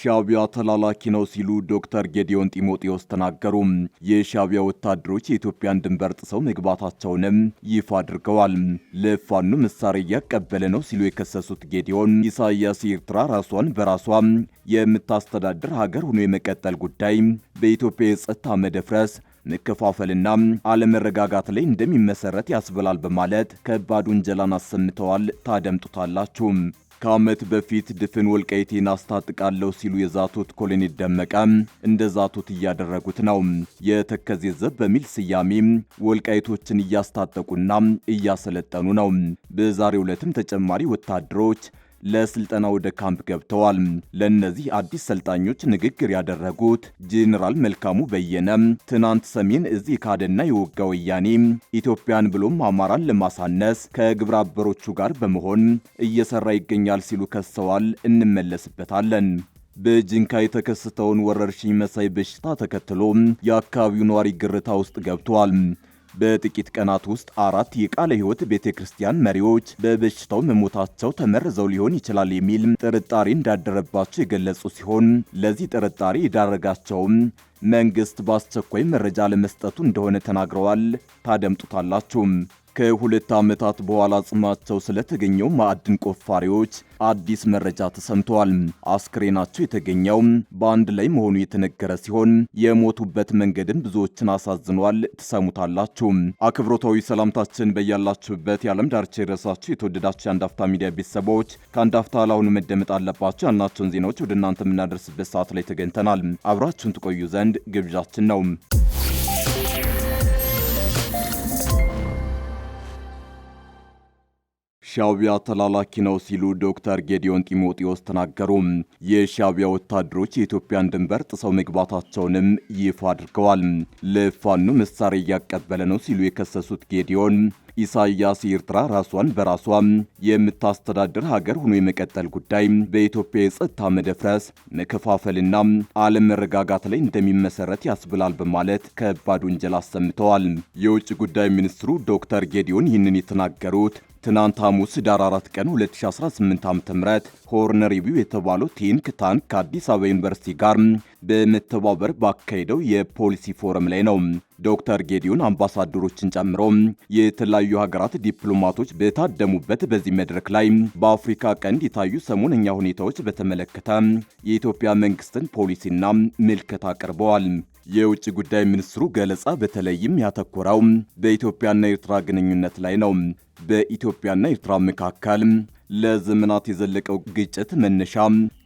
ሻቢያ ተላላኪ ነው ሲሉ ዶክተር ጌዲዮን ጢሞቴዎስ ተናገሩ። የሻቢያ ወታደሮች የኢትዮጵያን ድንበር ጥሰው መግባታቸውንም ይፋ አድርገዋል። ለፋኑ መሳሪያ እያቀበለ ነው ሲሉ የከሰሱት ጌዲዮን ኢሳያስ ኤርትራ ራሷን በራሷ የምታስተዳድር ሀገር ሆኖ የመቀጠል ጉዳይ በኢትዮጵያ የጸጥታ መደፍረስ መከፋፈልና አለመረጋጋት ላይ እንደሚመሰረት ያስብላል በማለት ከባድ ውንጀላን አሰምተዋል። ታደምጡታላችሁ። ከዓመት በፊት ድፍን ወልቃይቴን አስታጥቃለሁ ሲሉ የዛቱት ኮሎኔል ደመቀ እንደ ዛቱት እያደረጉት ነው። የተከዜ ዘብ በሚል ስያሜ ወልቃይቶችን እያስታጠቁና እያሰለጠኑ ነው። በዛሬው ዕለትም ተጨማሪ ወታደሮች ለስልጠና ወደ ካምፕ ገብተዋል። ለእነዚህ አዲስ ሰልጣኞች ንግግር ያደረጉት ጄኔራል መልካሙ በየነ ትናንት ሰሜን እዚህ የካደና የወጋ ወያኔ ኢትዮጵያን ብሎም አማራን ለማሳነስ ከግብረ አበሮቹ ጋር በመሆን እየሰራ ይገኛል ሲሉ ከሰዋል። እንመለስበታለን። በጅንካ የተከሰተውን ወረርሽኝ መሳይ በሽታ ተከትሎ የአካባቢው ነዋሪ ግርታ ውስጥ ገብቷል። በጥቂት ቀናት ውስጥ አራት የቃለ ሕይወት ቤተ ክርስቲያን መሪዎች በበሽታው መሞታቸው ተመርዘው ሊሆን ይችላል የሚል ጥርጣሬ እንዳደረባቸው የገለጹ ሲሆን ለዚህ ጥርጣሬ የዳረጋቸውም መንግስት በአስቸኳይ መረጃ ለመስጠቱ እንደሆነ ተናግረዋል። ታደምጡታላችሁም። ከሁለት ዓመታት በኋላ ጽማቸው ስለተገኘው ማዕድን ቆፋሪዎች አዲስ መረጃ ተሰምተዋል። አስክሬናቸው የተገኘው በአንድ ላይ መሆኑ የተነገረ ሲሆን የሞቱበት መንገድን ብዙዎችን አሳዝኗል። ትሰሙታላችሁ። አክብሮታዊ ሰላምታችን በያላችሁበት የዓለም ዳርቻ የደረሳችሁ የተወደዳችሁ የአንዳፍታ ሚዲያ ቤተሰቦች ከአንዳፍታ አፍታ ለአሁኑ መደመጥ አለባቸው ያልናቸውን ዜናዎች ወደ እናንተ የምናደርስበት ሰዓት ላይ ተገኝተናል። አብራችሁን ትቆዩ ዘንድ ግብዣችን ነው። ሻቢያ ተላላኪ ነው ሲሉ ዶክተር ጌዲዮን ጢሞቴዎስ ተናገሩ። የሻቢያ ወታደሮች የኢትዮጵያን ድንበር ጥሰው መግባታቸውንም ይፋ አድርገዋል። ለፋኖ መሳሪያ እያቀበለ ነው ሲሉ የከሰሱት ጌዲዮን ኢሳያስ ኤርትራ ራሷን በራሷ የምታስተዳድር ሀገር ሆኖ የመቀጠል ጉዳይ በኢትዮጵያ የጸጥታ መደፍረስ፣ መከፋፈልና አለመረጋጋት ላይ እንደሚመሰረት ያስብላል በማለት ከባድ ወንጀል አሰምተዋል። የውጭ ጉዳይ ሚኒስትሩ ዶክተር ጌዲዮን ይህንን የተናገሩት ትናንት ሐሙስ ዳር 4 ቀን 2018 ዓ.ም ሆርን ሪቪው የተባለው ቲንክ ታንክ ከአዲስ አበባ ዩኒቨርሲቲ ጋር በመተባበር ባካሄደው የፖሊሲ ፎረም ላይ ነው። ዶክተር ጌዲዮን አምባሳደሮችን ጨምሮ የተለያዩ ሀገራት ዲፕሎማቶች በታደሙበት በዚህ መድረክ ላይ በአፍሪካ ቀንድ የታዩ ሰሞነኛ ሁኔታዎች በተመለከተ የኢትዮጵያ መንግስትን ፖሊሲና ምልከታ አቅርበዋል። የውጭ ጉዳይ ሚኒስትሩ ገለጻ በተለይም ያተኮረው በኢትዮጵያና ኤርትራ ግንኙነት ላይ ነው። በኢትዮጵያና ኤርትራ መካከል ለዘመናት የዘለቀው ግጭት መነሻ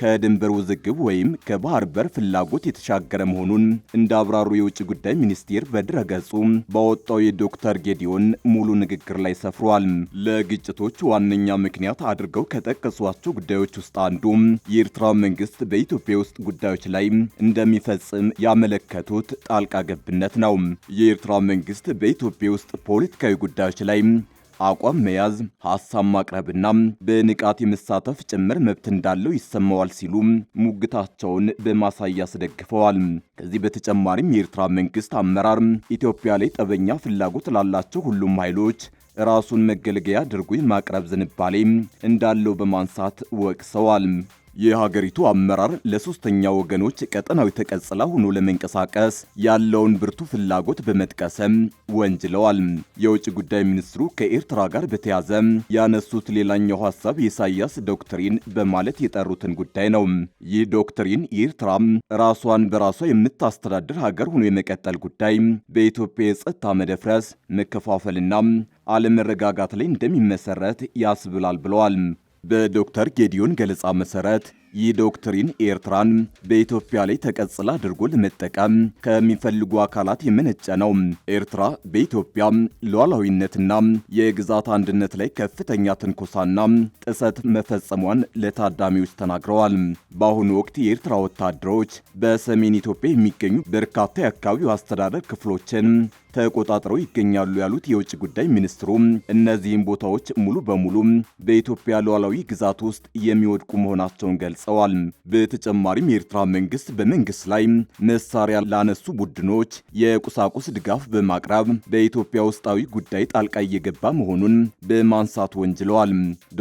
ከድንበር ውዝግብ ወይም ከባህር በር ፍላጎት የተሻገረ መሆኑን እንዳብራሩ የውጭ ጉዳይ ሚኒስቴር በድረገጹ ባወጣው የዶክተር ጌዲዮን ሙሉ ንግግር ላይ ሰፍሯል። ለግጭቶች ዋነኛ ምክንያት አድርገው ከጠቀሷቸው ጉዳዮች ውስጥ አንዱ የኤርትራ መንግስት በኢትዮጵያ ውስጥ ጉዳዮች ላይ እንደሚፈጽም ያመለከቱት ጣልቃ ገብነት ነው። የኤርትራ መንግስት በኢትዮጵያ ውስጥ ፖለቲካዊ ጉዳዮች ላይ አቋም መያዝ፣ ሀሳብ ማቅረብና በንቃት የመሳተፍ ጭምር መብት እንዳለው ይሰማዋል ሲሉ ሙግታቸውን በማሳያ አስደግፈዋል። ከዚህ በተጨማሪም የኤርትራ መንግስት አመራር ኢትዮጵያ ላይ ጠበኛ ፍላጎት ላላቸው ሁሉም ኃይሎች ራሱን መገልገያ አድርጎ የማቅረብ ዝንባሌ እንዳለው በማንሳት ወቅሰዋል። የሀገሪቱ አመራር ለሶስተኛ ወገኖች ቀጠናዊ ተቀጽላ ሆኖ ለመንቀሳቀስ ያለውን ብርቱ ፍላጎት በመጥቀስም ወንጅለዋል። የውጭ ጉዳይ ሚኒስትሩ ከኤርትራ ጋር በተያዘ ያነሱት ሌላኛው ሀሳብ የኢሳያስ ዶክትሪን በማለት የጠሩትን ጉዳይ ነው። ይህ ዶክትሪን የኤርትራ ራሷን በራሷ የምታስተዳድር ሀገር ሆኖ የመቀጠል ጉዳይ በኢትዮጵያ የጸጥታ መደፍረስ፣ መከፋፈልና አለመረጋጋት ላይ እንደሚመሰረት ያስብላል ብለዋል። በዶክተር ጌዲዮን ገለጻ መሰረት ይህ ዶክትሪን ኤርትራን በኢትዮጵያ ላይ ተቀጽላ አድርጎ ለመጠቀም ከሚፈልጉ አካላት የመነጨ ነው። ኤርትራ በኢትዮጵያ ሉዓላዊነትና የግዛት አንድነት ላይ ከፍተኛ ትንኮሳና ጥሰት መፈጸሟን ለታዳሚዎች ተናግረዋል። በአሁኑ ወቅት የኤርትራ ወታደሮች በሰሜን ኢትዮጵያ የሚገኙ በርካታ የአካባቢው አስተዳደር ክፍሎችን ተቆጣጥረው ይገኛሉ ያሉት የውጭ ጉዳይ ሚኒስትሩ እነዚህም ቦታዎች ሙሉ በሙሉ በኢትዮጵያ ሉዓላዊ ግዛት ውስጥ የሚወድቁ መሆናቸውን ገልጸዋል። በተጨማሪም የኤርትራ መንግስት በመንግስት ላይ መሳሪያ ላነሱ ቡድኖች የቁሳቁስ ድጋፍ በማቅረብ በኢትዮጵያ ውስጣዊ ጉዳይ ጣልቃ እየገባ መሆኑን በማንሳት ወንጅለዋል።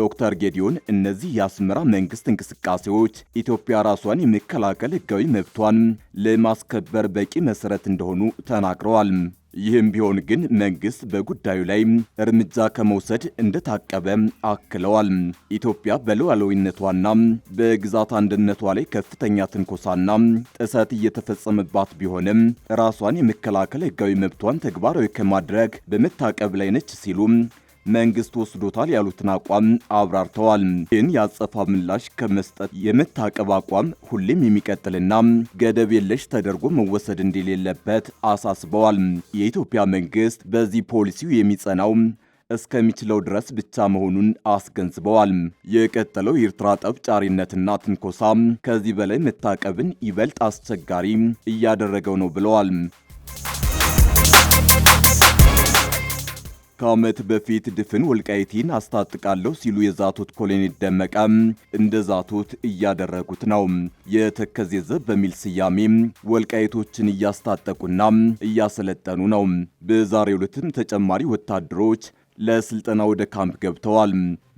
ዶክተር ጌዲዮን እነዚህ የአስመራ መንግስት እንቅስቃሴዎች ኢትዮጵያ ራሷን የመከላከል ህጋዊ መብቷን ለማስከበር በቂ መሰረት እንደሆኑ ተናግረዋል። ይህም ቢሆን ግን መንግስት በጉዳዩ ላይ እርምጃ ከመውሰድ እንደታቀበ አክለዋል። ኢትዮጵያ በሉዓላዊነቷና በግዛት አንድነቷ ላይ ከፍተኛ ትንኮሳና ጥሰት እየተፈጸመባት ቢሆንም ራሷን የመከላከል ህጋዊ መብቷን ተግባራዊ ከማድረግ በመታቀብ ላይ ነች ሲሉ መንግስት ወስዶታል ያሉትን አቋም አብራርተዋል። ይህን የአጸፋ ምላሽ ከመስጠት የመታቀብ አቋም ሁሌም የሚቀጥልና ገደብ የለሽ ተደርጎ መወሰድ እንደሌለበት አሳስበዋል። የኢትዮጵያ መንግስት በዚህ ፖሊሲው የሚጸናው እስከሚችለው ድረስ ብቻ መሆኑን አስገንዝበዋል። የቀጠለው የኤርትራ ጠብ ጫሪነትና ትንኮሳ ከዚህ በላይ መታቀብን ይበልጥ አስቸጋሪ እያደረገው ነው ብለዋል። ከዓመት በፊት ድፍን ወልቃይቲን አስታጥቃለሁ ሲሉ የዛቱት ኮሎኔል ደመቀ እንደ ዛቱት እያደረጉት ነው። የተከዜ ዘብ በሚል ስያሜ ወልቃይቶችን እያስታጠቁና እያሰለጠኑ ነው። በዛሬው ዕለትም ተጨማሪ ወታደሮች ለስልጠና ወደ ካምፕ ገብተዋል።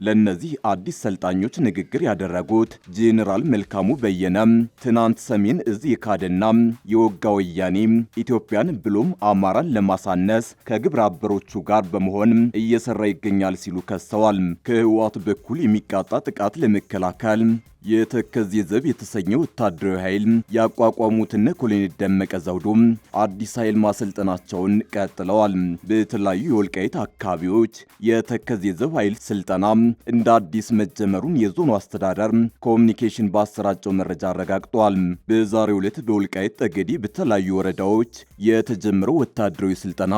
ለእነዚህ አዲስ ሰልጣኞች ንግግር ያደረጉት ጄኔራል መልካሙ በየነ ትናንት ሰሜን እዝ የካደና የወጋ ወያኔ ኢትዮጵያን ብሎም አማራን ለማሳነስ ከግብረ አበሮቹ ጋር በመሆን እየሰራ ይገኛል ሲሉ ከሰዋል። ከህወሓት በኩል የሚቃጣ ጥቃት ለመከላከል የተከዜ ዘብ የተሰኘው ወታደራዊ ኃይል ያቋቋሙትና ኮሎኔል ደመቀ ዘውዱ አዲስ ኃይል ማሰልጠናቸውን ቀጥለዋል። በተለያዩ የወልቃይት አካባቢዎች የተከዜ ዘብ ኃይል ስልጠና እንደ አዲስ መጀመሩን የዞኑ አስተዳደር ኮሚኒኬሽን ባሰራጨው መረጃ አረጋግጧል። በዛሬው ዕለት በወልቃይት ጠገዴ በተለያዩ ወረዳዎች የተጀመረው ወታደራዊ ስልጠና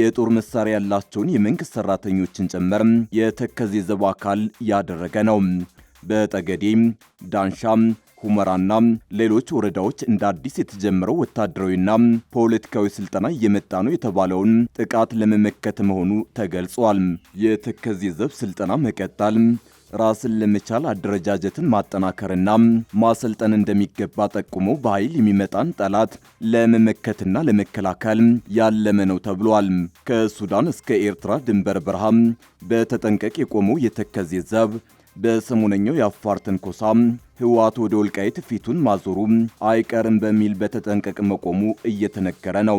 የጦር መሳሪያ ያላቸውን የመንግስት ሰራተኞችን ጭምር የተከዜ ዘብ አካል ያደረገ ነው። በጠገዴም፣ ዳንሻም ሁመራና ሌሎች ወረዳዎች እንደ አዲስ የተጀመረው ወታደራዊና ፖለቲካዊ ስልጠና እየመጣ ነው የተባለውን ጥቃት ለመመከት መሆኑ ተገልጿል። የተከዜ ዘብ ስልጠና መቀጠል ራስን ለመቻል አደረጃጀትን ማጠናከርና ማሰልጠን እንደሚገባ ጠቁሞ በኃይል የሚመጣን ጠላት ለመመከትና ለመከላከል ያለመ ነው ተብሏል። ከሱዳን እስከ ኤርትራ ድንበር በረሃም በተጠንቀቅ የቆመው የተከዜ ዘብ በሰሞነኛው የአፋር ትንኮሳ ህወሓት ወደ ወልቃይት ፊቱን ማዞሩ አይቀርም በሚል በተጠንቀቅ መቆሙ እየተነገረ ነው።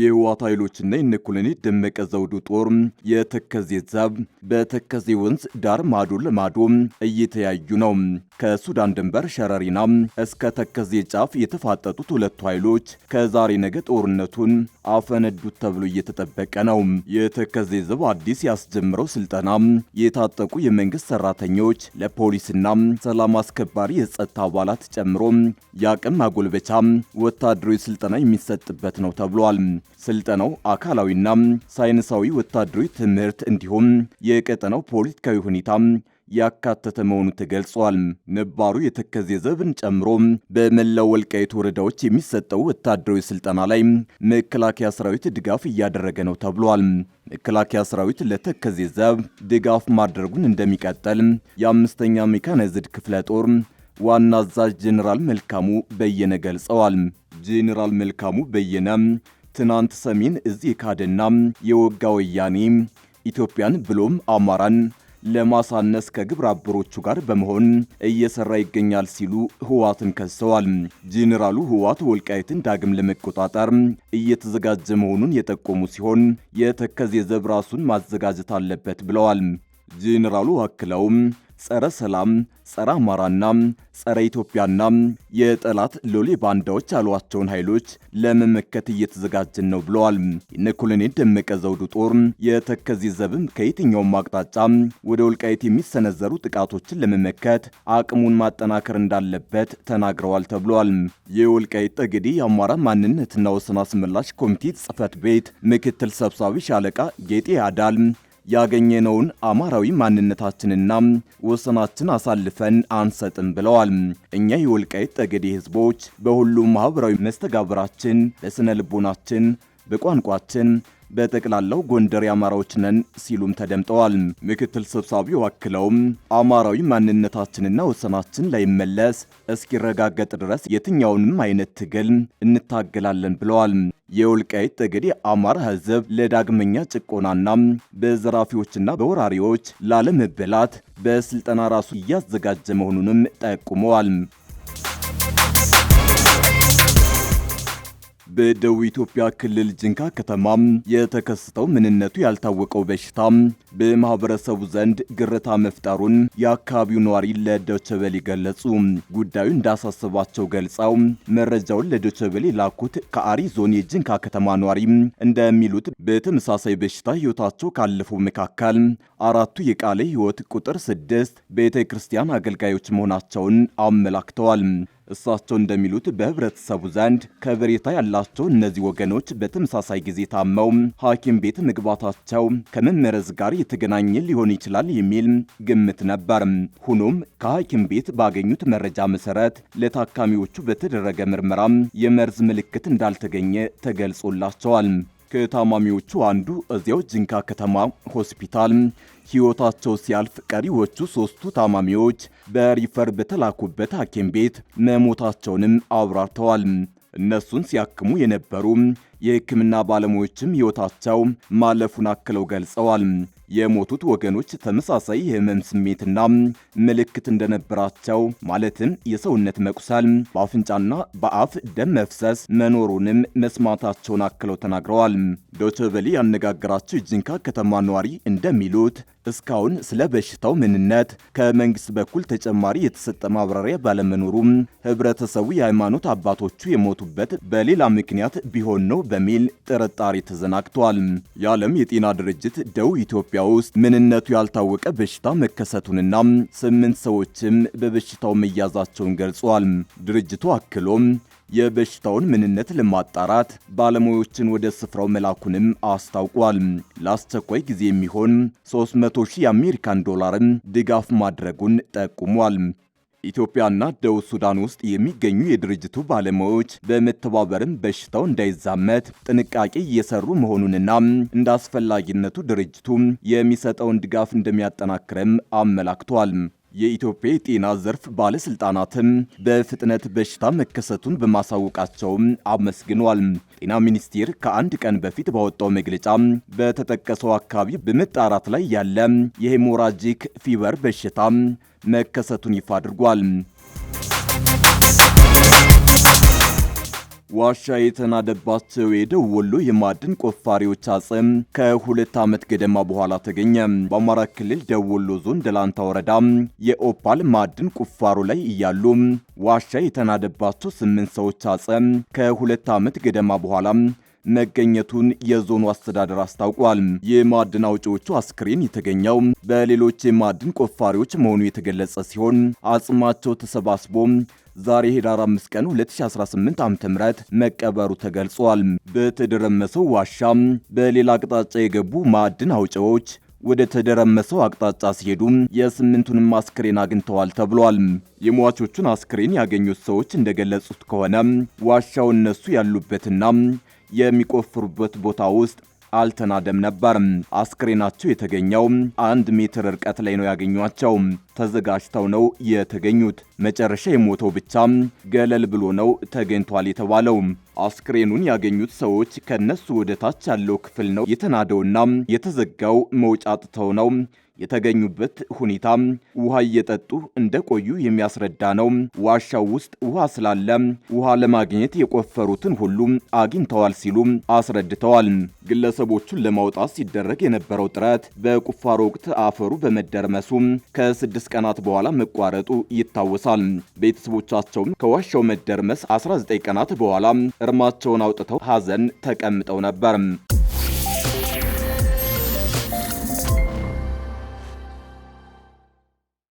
የህወሓት ኃይሎችና የኮሎኔል ደመቀ ዘውዱ ጦር የተከዜ ዛብ በተከዜ ወንዝ ዳር ማዶ ለማዶ እየተያዩ ነው። ከሱዳን ድንበር ሸረሪና እስከ ተከዜ ጫፍ የተፋጠጡት ሁለቱ ኃይሎች ከዛሬ ነገ ጦርነቱን አፈነዱት ተብሎ እየተጠበቀ ነው። የተከዜ ዘብ አዲስ ያስጀምረው ስልጠና የታጠቁ የመንግስት ሰራተኞች ለፖሊስና ሰላም አስከባሪ የጸጥታ አባላት ጨምሮ የአቅም ማጎልበቻ ወታደራዊ ስልጠና የሚሰጥበት ነው ተብሏል። ስልጠናው አካላዊና ሳይንሳዊ ወታደራዊ ትምህርት እንዲሁም የቀጠናው ፖለቲካዊ ሁኔታ ያካተተ መሆኑ ተገልጿል። ነባሩ የተከዜ ዘብን ጨምሮ በመላው ወልቃይት ወረዳዎች የሚሰጠው ወታደራዊ ስልጠና ላይ መከላከያ ሰራዊት ድጋፍ እያደረገ ነው ተብሏል። መከላከያ ሰራዊት ለተከዜ ዘብ ድጋፍ ማድረጉን እንደሚቀጠል የአምስተኛ ሜካናይዝድ ክፍለ ጦር ዋና አዛዥ ጄኔራል መልካሙ በየነ ገልጸዋል። ጄኔራል መልካሙ በየነ ትናንት ሰሜን እዝ የካደና የወጋ ወያኔ ኢትዮጵያን ብሎም አማራን ለማሳነስ ከግብረ አበሮቹ ጋር በመሆን እየሰራ ይገኛል ሲሉ ህዋትን ከሰዋል። ጄኔራሉ ህዋት ወልቃይትን ዳግም ለመቆጣጠር እየተዘጋጀ መሆኑን የጠቆሙ ሲሆን የተከዜ ዘብ ራሱን ማዘጋጀት አለበት ብለዋል። ጄኔራሉ አክለውም ጸረ ሰላም፣ ጸረ አማራና ጸረ ኢትዮጵያና የጠላት ሎሌ ባንዳዎች ያሏቸውን ኃይሎች ለመመከት እየተዘጋጀን ነው ብለዋል። የነ ኮሎኔል ደመቀ ዘውዱ ጦር የተከዜ ዘብም ከየትኛውም አቅጣጫ ወደ ወልቃይት የሚሰነዘሩ ጥቃቶችን ለመመከት አቅሙን ማጠናከር እንዳለበት ተናግረዋል ተብሏል። የወልቃይት ጠገዴ የአማራ ማንነትና ወሰን አስመላሽ ኮሚቴ ጽህፈት ቤት ምክትል ሰብሳቢ ሻለቃ ጌጤ አዳል ያገኘነውን አማራዊ ማንነታችንና ወሰናችን አሳልፈን አንሰጥም ብለዋል። እኛ የወልቃይት ጠገዴ ህዝቦች በሁሉም ማህበራዊ መስተጋብራችን፣ በስነ ልቦናችን፣ በቋንቋችን በጠቅላላው ጎንደር የአማራዎች ነን ሲሉም ተደምጠዋል። ምክትል ሰብሳቢው አክለውም አማራዊ ማንነታችንና ወሰናችን ላይመለስ እስኪረጋገጥ ድረስ የትኛውንም አይነት ትግል እንታገላለን ብለዋል። የወልቃይት ጠገዴ አማራ ሕዝብ ለዳግመኛ ጭቆናና በዘራፊዎችና በወራሪዎች ላለመበላት በስልጠና ራሱ እያዘጋጀ መሆኑንም ጠቁመዋል። በደቡብ ኢትዮጵያ ክልል ጅንካ ከተማ የተከሰተው ምንነቱ ያልታወቀው በሽታ በማህበረሰቡ ዘንድ ግርታ መፍጠሩን የአካባቢው ነዋሪ ለዶቸበሌ ገለጹ። ጉዳዩ እንዳሳሰባቸው ገልጸው መረጃውን ለዶቸበሌ ላኩት ከአሪ ዞን የጅንካ ከተማ ነዋሪ እንደሚሉት በተመሳሳይ በሽታ ህይወታቸው ካለፈው መካከል አራቱ የቃለ ህይወት ቁጥር ስድስት ቤተ ክርስቲያን አገልጋዮች መሆናቸውን አመላክተዋል። እሳቸው እንደሚሉት በህብረተሰቡ ዘንድ ከበሬታ ያላቸው እነዚህ ወገኖች በተመሳሳይ ጊዜ ታመው ሐኪም ቤት መግባታቸው ከመመረዝ ጋር የተገናኘ ሊሆን ይችላል የሚል ግምት ነበር። ሆኖም ከሐኪም ቤት ባገኙት መረጃ መሰረት ለታካሚዎቹ በተደረገ ምርመራ የመርዝ ምልክት እንዳልተገኘ ተገልጾላቸዋል። ከታማሚዎቹ አንዱ እዚያው ጅንካ ከተማ ሆስፒታል ሕይወታቸው ሲያልፍ ቀሪዎቹ ሦስቱ ታማሚዎች በሪፈር በተላኩበት ሐኪም ቤት መሞታቸውንም አብራርተዋል። እነሱን ሲያክሙ የነበሩ የህክምና ባለሙያዎችም ህይወታቸው ማለፉን አክለው ገልጸዋል። የሞቱት ወገኖች ተመሳሳይ የህመም ስሜትና ምልክት እንደነበራቸው ማለትም የሰውነት መቁሰል፣ በአፍንጫና በአፍ ደም መፍሰስ መኖሩንም መስማታቸውን አክለው ተናግረዋል። ዶቸበሌ ያነጋገራቸው የጂንካ ከተማ ነዋሪ እንደሚሉት እስካሁን ስለ በሽታው ምንነት ከመንግስት በኩል ተጨማሪ የተሰጠ ማብራሪያ ባለመኖሩም ህብረተሰቡ የሃይማኖት አባቶቹ የሞቱበት በሌላ ምክንያት ቢሆን ነው በሚል ጥርጣሬ ተዘናግቷል። የዓለም የጤና ድርጅት ደቡብ ኢትዮጵያ ውስጥ ምንነቱ ያልታወቀ በሽታ መከሰቱንና ስምንት ሰዎችም በበሽታው መያዛቸውን ገልጿል። ድርጅቱ አክሎም የበሽታውን ምንነት ለማጣራት ባለሙያዎችን ወደ ስፍራው መላኩንም አስታውቋል። ለአስቸኳይ ጊዜ የሚሆን 300 ሺህ የአሜሪካን ዶላርን ድጋፍ ማድረጉን ጠቁሟል። ኢትዮጵያና ደቡብ ሱዳን ውስጥ የሚገኙ የድርጅቱ ባለሙያዎች በመተባበርም በሽታው እንዳይዛመት ጥንቃቄ እየሰሩ መሆኑንና እንደ አስፈላጊነቱ ድርጅቱ የሚሰጠውን ድጋፍ እንደሚያጠናክረም አመላክቷል። የኢትዮጵያ የጤና ዘርፍ ባለስልጣናትም በፍጥነት በሽታ መከሰቱን በማሳወቃቸውም አመስግኗል። ጤና ሚኒስቴር ከአንድ ቀን በፊት ባወጣው መግለጫ በተጠቀሰው አካባቢ በመጣራት ላይ ያለ የሄሞራጂክ ፊቨር በሽታ መከሰቱን ይፋ አድርጓል። ዋሻ የተናደባቸው ወሎ የማዕድን ቆፋሪዎች አጽም ከሁለት ዓመት ገደማ በኋላ ተገኘ። በአማራ ክልል ወሎ ዞን ደላንታ ወረዳ የኦፓል ማዕድን ቁፋሮ ላይ እያሉ ዋሻ የተናደባቸው ስምንት ሰዎች አጽም ከሁለት ዓመት ገደማ በኋላ መገኘቱን የዞኑ አስተዳደር አስታውቋል። የማዕድን አውጪዎቹ አስክሬን የተገኘው በሌሎች የማዕድን ቆፋሪዎች መሆኑ የተገለጸ ሲሆን አጽማቸው ተሰባስቦ ዛሬ ኅዳር 5 ቀን 2018 ዓ.ም መቀበሩ ተገልጿል። በተደረመሰው ዋሻ በሌላ አቅጣጫ የገቡ ማዕድን አውጪዎች ወደ ተደረመሰው አቅጣጫ ሲሄዱ የስምንቱንም አስክሬን አግኝተዋል ተብሏል። የሟቾቹን አስክሬን ያገኙት ሰዎች እንደገለጹት ከሆነ ዋሻው እነሱ ያሉበትና የሚቆፍሩበት ቦታ ውስጥ አልተናደም ነበር። አስክሬናቸው የተገኘው አንድ ሜትር ርቀት ላይ ነው ያገኟቸው። ተዘጋጅተው ነው የተገኙት። መጨረሻ የሞተው ብቻ ገለል ብሎ ነው ተገኝቷል የተባለው። አስክሬኑን ያገኙት ሰዎች ከነሱ ወደ ታች ያለው ክፍል ነው የተናደውና የተዘጋው መውጫ አጥተው ነው የተገኙበት ሁኔታ ውሃ እየጠጡ እንደቆዩ የሚያስረዳ ነው። ዋሻው ውስጥ ውሃ ስላለ ውሃ ለማግኘት የቆፈሩትን ሁሉ አግኝተዋል ሲሉ አስረድተዋል። ግለሰቦቹን ለማውጣት ሲደረግ የነበረው ጥረት በቁፋሮ ወቅት አፈሩ በመደርመሱ ከስድስት ቀናት በኋላ መቋረጡ ይታወሳል። ቤተሰቦቻቸውም ከዋሻው መደርመስ 19 ቀናት በኋላ እርማቸውን አውጥተው ሐዘን ተቀምጠው ነበር።